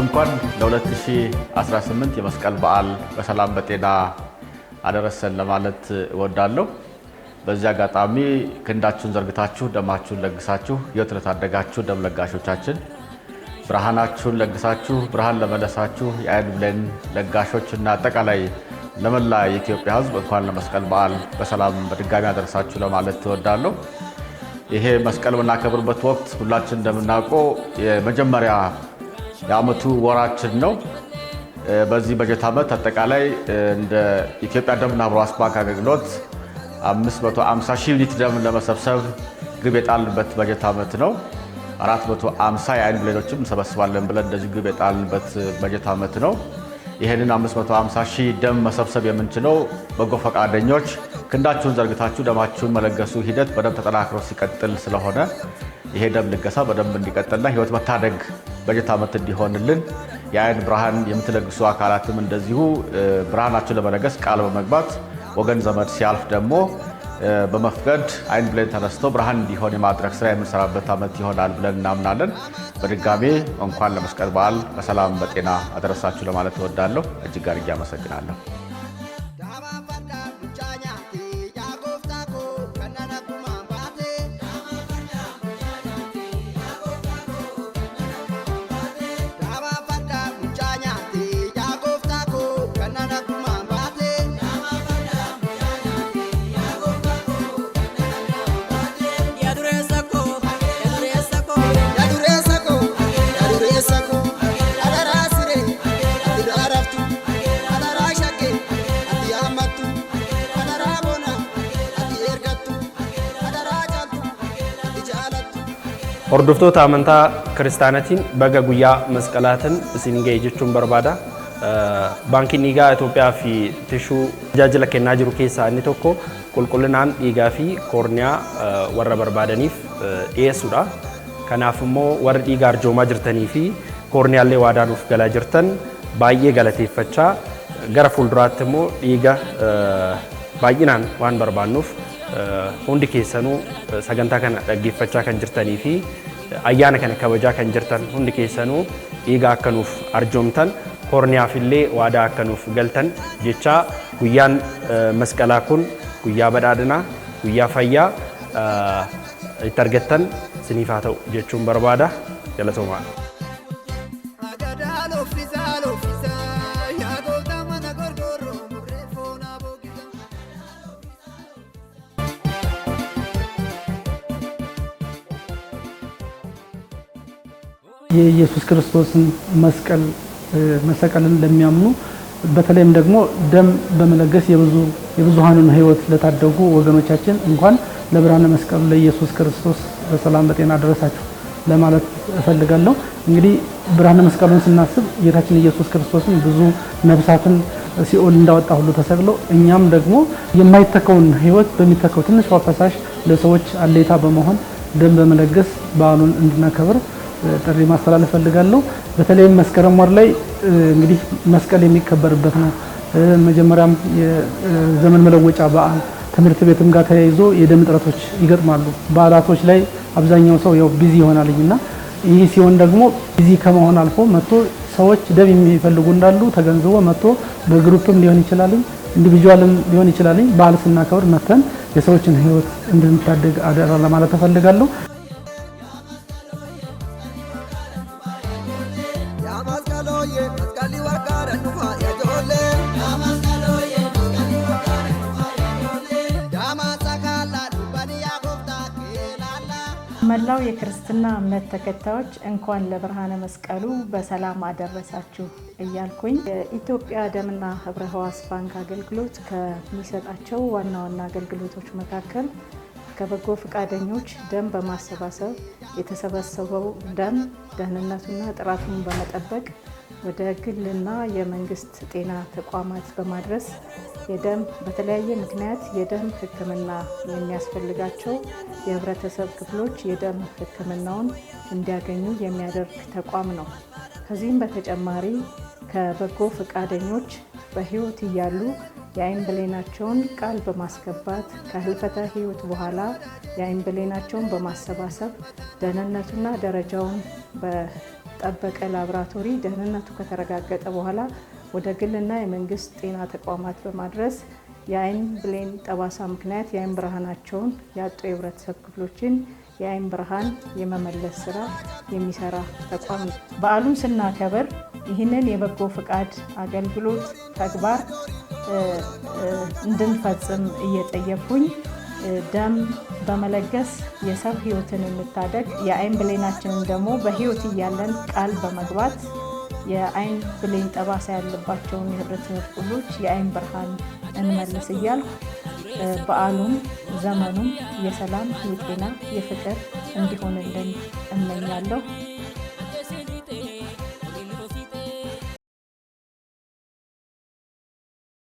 እንኳን ለ2018 የመስቀል በዓል በሰላም በጤና አደረሰን ለማለት እወዳለሁ። በዚህ አጋጣሚ ክንዳችሁን ዘርግታችሁ ደማችሁን ለግሳችሁ ሕይወት ለታደጋችሁ ደም ለጋሾቻችን ብርሃናችሁን ለግሳችሁ ብርሃን ለመለሳችሁ የአይን ብሌን እና አጠቃላይ ለመላ የኢትዮጵያ ሕዝብ እንኳን ለመስቀል በዓል በሰላም በድጋሚ አደረሳችሁ ለማለት ትወዳለሁ። ይሄ መስቀል የምናከብርበት ወቅት ሁላችን እንደምናውቀው የመጀመሪያ የአመቱ ወራችን ነው። በዚህ በጀት ዓመት አጠቃላይ እንደ ኢትዮጵያ ደምና ሕዋስ ባንክ አገልግሎት 550 ሺህ ሊትር ደም ለመሰብሰብ ግብ የጣልንበት በጀት ዓመት ነው። 450 የአይን ብሌዶችም እንሰበስባለን ብለን እንደዚህ ግብ የጣልንበት በጀት ዓመት ነው። ይህንን 550 ሺህ ደም መሰብሰብ የምንችለው በጎ ፈቃደኞች ክንዳችሁን ዘርግታችሁ ደማችሁን መለገሱ ሂደት በደንብ ተጠናክሮ ሲቀጥል ስለሆነ ይሄ ደም ልገሳ በደንብ እንዲቀጥልና ህይወት መታደግ በጀት ዓመት እንዲሆንልን የአይን ብርሃን የምትለግሱ አካላትም እንደዚሁ ብርሃናቸውን ለመለገስ ቃል በመግባት ወገን ዘመድ ሲያልፍ ደግሞ በመፍቀድ አይን ብሌን ተነስተው ብርሃን እንዲሆን የማድረግ ስራ የምንሰራበት ዓመት ይሆናል ብለን እናምናለን። በድጋሜ እንኳን ለመስቀል በዓል በሰላም በጤና አደረሳችሁ ለማለት እወዳለሁ። እጅግ አድርጌ አመሰግናለሁ። Hordoftoota amantaa Kiristaanatiin baga guyyaa masqalaatiin isin ga'e jechuun barbaada. Baankiin Dhiigaa Itoophiyaa fi Tishuu tajaajila kennaa jiru keessaa inni tokko qulqullinaan dhiigaa fi koorniyaa warra barbaadaniif dhiyeessuudha. Kanaaf immoo warri dhiigaa arjoomaa jirtanii fi koorniyaallee waadaanuuf galaa jirtan baay'ee galateeffachaa gara fuulduraatti immoo dhiiga baay'inaan waan barbaannuuf hundi keessanuu sagantaa kana dhaggeeffachaa kan jirtanii fi ayyaana kana kabajaa kan jirtan hundi keessanuu dhiiga akka nuuf arjoomtan horniyaaf illee waadaa akka nuuf galtan jechaa guyyaan masqalaa kun guyyaa badhaadhinaa guyyaa fayyaa itti argattan siniif haa ta'u jechuun barbaada. Galatoomaa. የኢየሱስ ክርስቶስን መስቀል መሰቀልን ለሚያምኑ በተለይም ደግሞ ደም በመለገስ የብዙ የብዙሃኑን ሕይወት ለታደጉ ወገኖቻችን እንኳን ለብርሃነ መስቀሉ ለኢየሱስ ክርስቶስ በሰላም በጤና አደረሳችሁ ለማለት እፈልጋለሁ። እንግዲህ ብርሃነ መስቀሉን ስናስብ ጌታችን ኢየሱስ ክርስቶስን ብዙ ነፍሳትን ሲኦል እንዳወጣ ሁሉ ተሰቅሎ እኛም ደግሞ የማይተካውን ሕይወት በሚተካው ትንሿ ፈሳሽ ለሰዎች አለይታ በመሆን ደም በመለገስ በዓሉን እንድናከብር ጥሪ ማስተላለፍ ፈልጋለሁ። በተለይም መስከረም ወር ላይ እንግዲህ መስቀል የሚከበርበት ነው። መጀመሪያም የዘመን መለወጫ በዓል ትምህርት ቤትም ጋር ተያይዞ የደም እጥረቶች ይገጥማሉ። በዓላቶች ላይ አብዛኛው ሰው ያው ቢዚ ይሆናልኝና ይህ ሲሆን ደግሞ ቢዚ ከመሆን አልፎ መጥቶ ሰዎች ደም የሚፈልጉ እንዳሉ ተገንዝቦ መጥቶ በግሩፕም ሊሆን ይችላልኝ ኢንዲቪጁዋልም ሊሆን ይችላልኝ በዓል ስናከብር መተን የሰዎችን ሕይወት እንድንታደግ አደራ ለማለት ተፈልጋለሁ። መላው የክርስትና እምነት ተከታዮች እንኳን ለብርሃነ መስቀሉ በሰላም አደረሳችሁ እያልኩኝ የኢትዮጵያ ደምና ህብረ ህዋስ ባንክ አገልግሎት ከሚሰጣቸው ዋና ዋና አገልግሎቶች መካከል ከበጎ ፈቃደኞች ደም በማሰባሰብ የተሰበሰበው ደም ደህንነቱና ጥራቱን በመጠበቅ ወደ ግልና የመንግስት ጤና ተቋማት በማድረስ የደም በተለያየ ምክንያት የደም ሕክምና የሚያስፈልጋቸው የህብረተሰብ ክፍሎች የደም ሕክምናውን እንዲያገኙ የሚያደርግ ተቋም ነው። ከዚህም በተጨማሪ ከበጎ ፈቃደኞች በህይወት እያሉ የአይን ብሌናቸውን ቃል በማስገባት ከህልፈተ ህይወት በኋላ የአይን ብሌናቸውን በማሰባሰብ ደህንነቱና ደረጃውን የተጠበቀ ላብራቶሪ ደህንነቱ ከተረጋገጠ በኋላ ወደ ግልና የመንግስት ጤና ተቋማት በማድረስ የአይን ብሌን ጠባሳ ምክንያት የአይን ብርሃናቸውን ያጡ የህብረተሰብ ክፍሎችን የአይን ብርሃን የመመለስ ስራ የሚሰራ ተቋም ነው። በዓሉን ስናከብር ይህንን የበጎ ፈቃድ አገልግሎት ተግባር እንድንፈጽም እየጠየኩኝ ደም በመለገስ የሰው ህይወትን የምታደግ የአይን ብሌናችንን ደግሞ በህይወት እያለን ቃል በመግባት የአይን ብሌን ጠባሳ ያለባቸውን የህብረተሰብ ክፍሎች የአይን ብርሃን እንመልስ እያል በዓሉም ዘመኑም የሰላም የጤና የፍቅር እንዲሆንልን እመኛለሁ።